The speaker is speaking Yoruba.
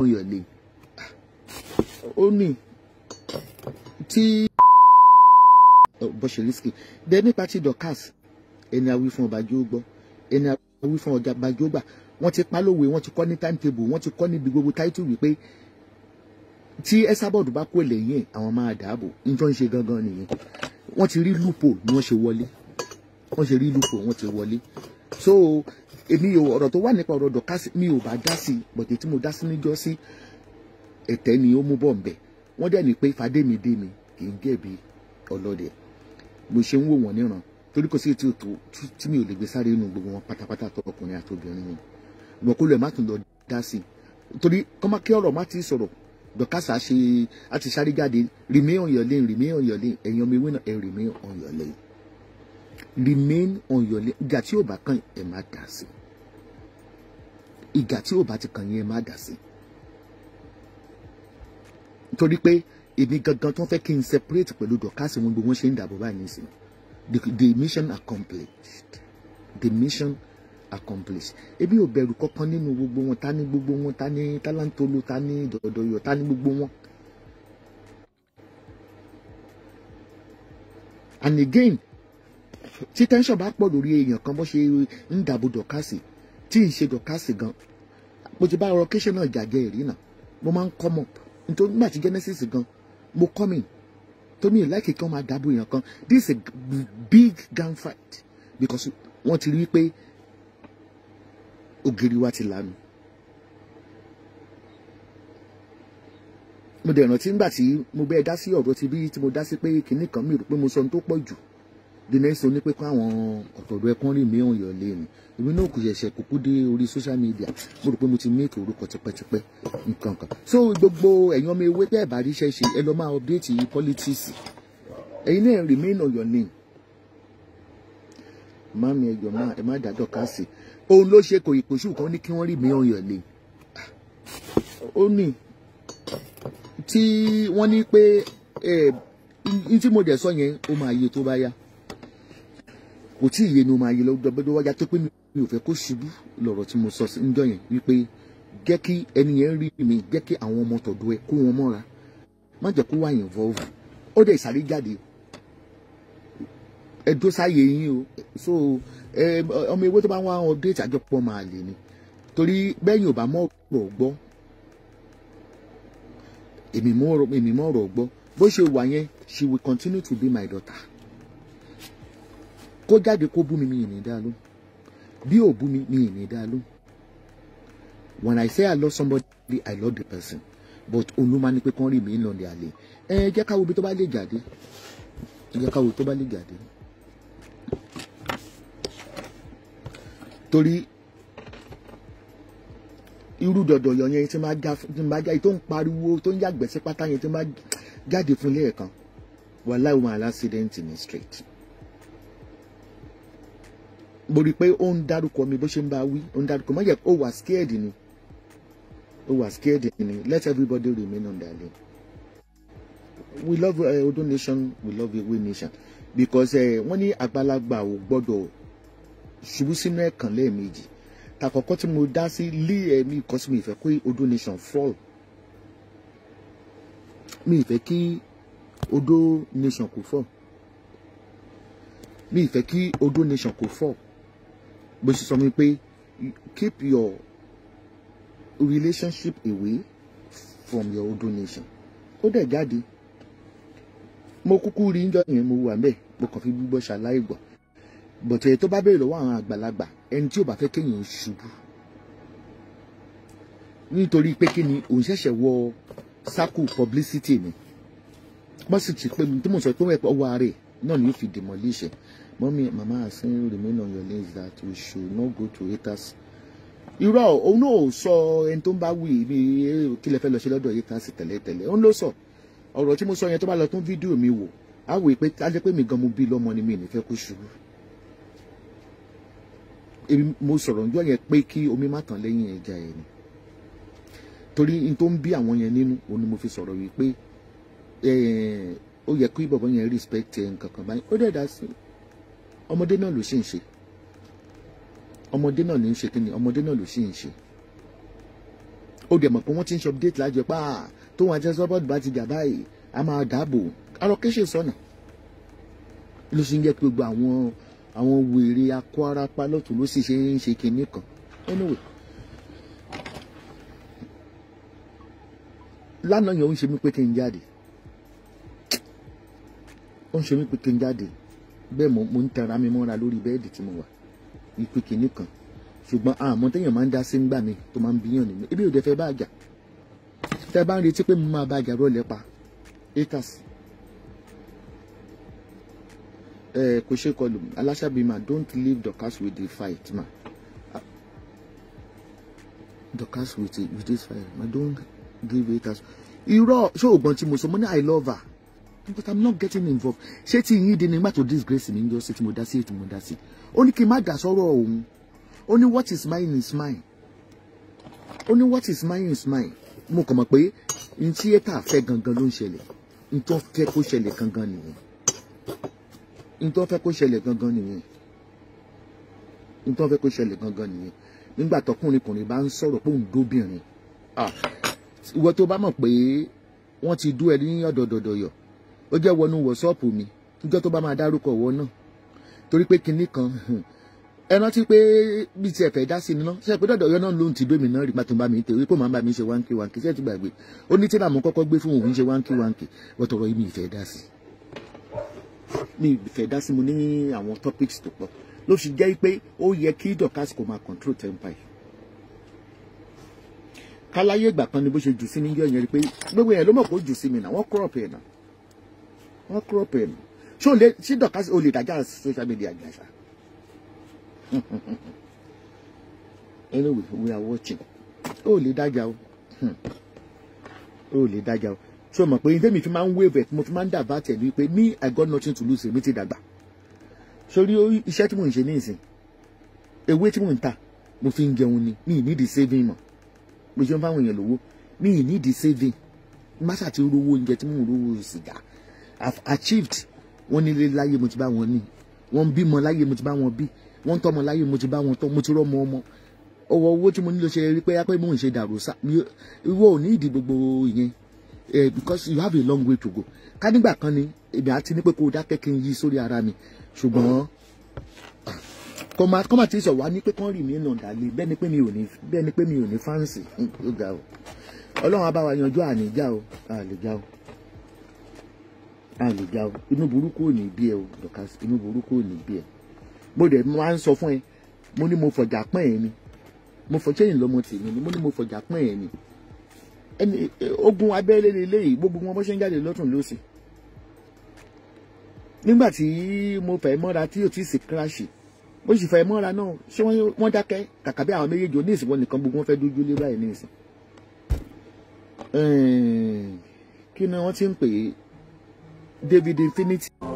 Oyọ̀lé ó ní tí bọ́ṣẹ̀lísìkì dẹ nípa ti Dorkas ẹni àwí fún ọba jó gbọ́ ẹni àwí fún ọba jó gbà wọ́n ti pálówe wọ́n ti kọ́ ní timetable wọ́n ti kọ́ níbi gbogbo title wípé tí ẹsábọ̀dù bá kó lẹ́yìn àwọn máa dààbò nítorí wọ́n ń ṣe gangan nìyẹn wọ́n ti rí lúpò ni wọ́n ṣe wọlé wọ́n ṣe rí lúpò wọ́n ti wọlé so èmi ò ọ̀rọ̀ tó wà nípa ọ̀rọ̀ dọ̀kásì mi ò bá dá sí bọ̀dé tí mo dá sí níjọ́ sí ẹ̀tẹ́ ni ó mú bọ̀ ńbẹ̀ wọ́n dẹ̀ ní pé fàdémidé mi kì í gẹ̀bi ọlọ́dẹ mo ṣe ń wò wọ́n níran torí kò sí ètò tí mi ò lè gbé sáré inú gbogbo wọn pátápátá tọkùnrin àtobìnrin mi ìwọ̀n kó lè má tún lọ dá sí i torí kọ́má kí ọ̀rọ̀ má ti sọ̀rọ̀ dọ̀kásà ṣe àti sáré jáde remain on your lane remain on your lane remain on remain on your lane ìgbà tí bá kàn ẹ̀ má dá sí i ìjà tí ò bá ti kàn yín ẹ má dà sí nítorí pé èmi gangan tó fẹ́ kí n separate pẹ̀lú dọ̀kásì wọn bí wọ́n ṣe ń dàbọ̀ báyìí nísìn the mission accomplished the mission accomplished Ebi ò bẹ̀rù kankan nínú gbogbo wọn ta ní gbogbo wọn ta ní tálántolo dọ̀dọ̀yọ̀ ta gbogbo wọn. and again tí tẹ́ńsọ̀ bá pọ̀ lórí èèyàn kan bó ṣe ń dàbò dọ̀kásì tí ìṣe dọ̀kásì gan mo ti bá ọ̀rọ̀ kéṣe náà jàjẹ́ ìrìnà mo máa ń come up nítorí nígbà tí Genesis gan mo come in tó mi ìlẹ́kì kan máa dábò èèyàn kan this is a big gun fight because wọ́n ti rí pé ògiri wa ti lanu. mo dẹ̀ rántí nígbà tí mo bẹ́ẹ̀ dá sí ọ̀rọ̀ ti bí tí mo dá sí pé kinní kan mi rò pé mo sọ ohun tó pọ̀ jù the next one ni pé káwọn ọ̀tọ̀dọ̀ ẹ̀kan rìn mìíràn yọ̀ lé mi èmi náà kò ṣẹ̀ṣẹ̀ kúkú dé orí social media mo rò pé mo ti make orúkọ tipẹ́tipẹ́ nǹkan kan so gbogbo ẹ̀yàn mi ewé bẹ́ẹ̀ bá rí iṣẹ́ ṣe ẹ lọ máa update politics ẹ̀yin náà remain on your name mami ẹ̀jọ̀ máa ẹ̀ má dàdọ̀ ká sí òun ló ṣe kò ìpòṣù kan ní kí wọ́n rí mìíràn yọ̀ lé ó ní tí wọ́n ní pé ẹ̀ ní tí mo dẹ̀ sọ yẹn ó máa yẹ tó bá yá kò tí ì yẹnu máa yẹ lọ́dọ̀ bẹ́ẹ̀ wájà tó pé mi ò fẹ́ kó ṣubú lọ́rọ̀ tí mo sọ níjọ́ yẹn wípé jẹ́ kí ẹni yẹn rí mi jẹ́ kí àwọn ọmọ tọ̀dọ̀ ẹ kó wọn mọ́ra má jẹ́ kó wà involve ó dẹ̀ sáré jáde ẹ dó sáyé yín o so ọmọ ewé tó bá wá wọn déètì àjọpọ̀ máa lè ni torí bẹ́yìn ò bá mọ̀ ọ̀rọ̀ gbọ́ èmi mọ̀ ọ̀rọ̀ gbọ́ bó ṣe wà yẹn she will continue to be my daughter kó jáde kó bú mi mi ìní dá ló bí ò bú mi mi ìní dá ló when I say I love somebody I love the person but olúmọ ni pé kán rí mi ń lọ ní àlè ẹ jẹ́ káwo ibi tó bá lè jáde ẹ jẹ́ káwo tó bá lè jáde torí irú dọ̀dọ̀ yọ yẹn tí máa já tí máa já tó ń pariwo tó ń yàgbẹ́ pátá yẹn tí máa jáde fún lẹ́ẹ̀kan wàhálà ìwọ̀n aláṣẹ́dẹ̀ǹtì ní straight mo rí i pé ó ń dárúkọ mi bó ṣe ń bá wí ó ń dárúkọ má yẹ ó wà scared ni ó wà scared ni let everybody remain on their lane we love uh, Odo Nation we love Ewe Nation because eh, wọ́n ní àgbàlagbà ò gbọ́dọ̀ ṣubú sínú ẹ̀kàn lẹ́ẹ̀mejì tàkọ́kọ́ tí mo dá sí lé ẹ̀mí eh, ìkọ́sí mi ìfẹ́ kó Odo Nation fall mi ìfẹ́ kí Odo Nation kò fall mi ìfẹ́ kí Odo Nation kò fall bó ṣe sọ mi pé keep your relationship away from your own donation ó dẹ̀ jáde mo kúkú rí níjọ́ yẹn mo wà mẹ́ẹ̀ mo kàn fi gbígbọ́ ṣàlàyé gbọ́ bọ̀tẹ̀ tó bá béèrè lọ́wọ́ àwọn àgbàlagbà ẹni tí ò bá fẹ́ kéèyàn ṣubú nítorí pé kí ni òun ṣẹ̀ṣẹ̀ wọ sákù publicity mi wọ́n sì ti pé mi tí mo sọ pé wọ́n ẹ̀pọ̀ wọ ara ẹ̀ náà ni yóò fi Mommy and Mama are saying remain on your lanes that we should not go to haters. Irọ́ òun náà ò sọ ẹni tó ń bá wì mí kí lẹ fẹ́ lọ ṣe lọ́dọ̀ haters tẹ̀lẹ́tẹ̀lẹ́. Òun ló sọ ọ̀rọ̀ tí mo sọ yẹn tó bá lọ tún fídíò mi wò á wò pé á jẹ́ pé mi gan mo bí lọ́mọ ni mi ní fẹ́ kó ṣubú. Èmi mo sọ̀rọ̀ njọ́ yẹn pé kí omi má tàn lẹ́yìn ẹja ẹ̀ ni. Torí n tó ń bí àwọn yẹn nínú òun ni mo fi sọ̀rọ̀ wípé eh, ó yẹ kí bọ̀bọ̀ yẹn respect nǹkan kan báyìí ó dẹ̀ dá sí i ọmọdé náà ló sì ń ṣe ọmọdé náà ló ń ṣe kí ni ọmọdé náà ló sì ń ṣe ó dẹ̀ mọ̀ pé wọ́n ti ń ṣe update lájọ pa ah, tó wọn ajẹ́ sọ́bọ̀dù bá ti jà báyìí a máa dáàbò allocation sọ̀nà ló sì ń jẹ́ pé gbogbo àwọn wèrè akọ ara pa lọ́tún ló sì ṣe ń ṣe kinní kan anyway lánàá yẹn ó ń ṣe mí pé kí n jáde ó ń ṣe mí pé kí n jáde bẹ́ẹ̀ mo ń tanra mi mọ́ra lórí bẹ́ẹ̀dì tí mo wà ipe kìíní kan ṣùgbọ́n àmọ́ téèyàn máa ń dá sí ń gbà mí tó máa ń bíyàn nínú ebi ò dẹ fẹ́ bá àjà tẹ́ bá ń retí pé mo máa bá àjà rọlẹ̀ pa acres ẹ kò ṣe kọlù aláṣàbí don't leave the cast with the fight ma the cast with, with this fight ma don't give it as irọ́ ṣé ògbọ́n tí mo sọ mo ní i love her but i'm not getting involved ṣé tí yín di nígbà tó disgrace mi ń yọ ṣe tí mo dá sí ètò mo dá sí ó ní kí n má dà sọ́rọ̀ òun ó ní what is mine is mine ó ní what is mine is mine mo kàn mọ̀ pé n tí ètà fẹ́ gangan ló ń ṣẹlẹ̀ n tó fẹ́ kó ṣẹlẹ̀ gangan nìyẹn n tó fẹ́ kó ṣẹlẹ̀ gangan nìyẹn n tó fẹ́ kó ṣẹlẹ̀ gangan nìyẹn nígbà tọkùnrin kùnrin bá ń sọ̀rọ̀ pé òun dóbìnrin ah, ìwọ tó bá mọ̀ pé wọ́n ti dú ẹ ní ọ̀dọ̀dọ̀dọ̀ yọ̀ ó jẹ́ wọnú wọ̀sọ́ọ̀pù mi níjọ́ tó bá máa dárúkọ wọ náà torí pé kinní kan ẹ rántí pé bíi ti ẹ̀fẹ̀ dá sí ni náà ṣe pé dọ̀dọ̀ ọyọ́ náà lóhùn ti bẹ́mi náà rí pàtó bá mi tèwé pò máa ń bá mi ṣe wáńkì wáńkì ṣé ẹ ti gbàgbé ó ní tí màmú kọ́kọ́ gbé fún òun ṣe wáńkì wáńkì wọ́n tọrọ mi ìfẹ́ dá sí mi ìfẹ́ dá sí mo ní àwọn topics tó pọ̀ ló fi jẹ́ pé ó yẹ kí Dorkas kò máa control temper yìí káláyé ìgbà kan ni bó ṣe jù sí ní yọ̀yẹn rí pé gbogbo yẹn ló mọ̀ kó jù sí mi náà wọ́n crop yẹn náà wọ́n crop him ṣó lè ṣí dọ̀ka o lè dájà social media gbà anyway we are watching o lè dájà o hmm. o lè dájà o ṣó mọ̀ pé ndémi fi máa ń wave mo fi máa ń dàbà tẹ̀lé pé me I got nothing to lose èmi ti dàgbà sórí iṣẹ́ tí mò ń ṣe ní ìsìn ewé tí mò ń ta mo fi ń jẹun ni mi ì nídìí saving mọ̀ mo ṣe ń fáwọn èèyàn lówó mi ì nídìí saving má ṣàti rówó oúnjẹ tí mò ń rówó sìgá have achieved wọ́n nílé láyé mo ti bá wọn ní wọ́n ń bímọ láyé mo ti bá wọn bí wọ́n ń tọ́mọ láyé mo ti bá wọn tọ́ mo ti rọ́mọ ọmọ owó owó tí mo nílò ṣe rí pé pé mò ń ṣe dàrú sá ìwọ ò ní ìdí gbogbo ìyẹn eh, because you have a long way to go ká nígbà kan ni èmi àti ní pé kó o dákẹ́ kí n yí sórí ara mi ṣùgbọ́n kọ́má tí sọ wá ní pé kán rì mí nà dàlẹ́ bẹ́ẹ̀ ni pé mi ò ní bẹ́ẹ̀ ni pé mi ò ní fáǹsì ó ga ọlọ́run á yanjú àníjà o àlèjà o a lè jà o inú burúkú ò ní bí ẹ o Dorkas inú burúkú ò ní bí ẹ mo dẹ̀ máa ń sọ fún ẹ mo ní mo fọ̀jà pọ́n ẹ ni mo fọ̀jẹ́ yìí lọ́mọ tèmi ni mo ní mo fọ̀jà pọ́n ẹ ni ẹni ogun abẹ́lé ni eléyìí gbogbo wọn bó ṣe ń jáde lọ́tún lọ́sì nígbà tí mo fẹ́ mọ́ra tí o ti sì kíráṣì mo sì fẹ́ mọ́ra náà ṣé wọ́n dákẹ́ kàkà bí àwọn méjèèjì ò ní ìsìnkú nìkan gbogbo wọn fẹ́ dójú lé báyìí ní ìsìn kí ni wọ́n ti ń pè é David Infinity.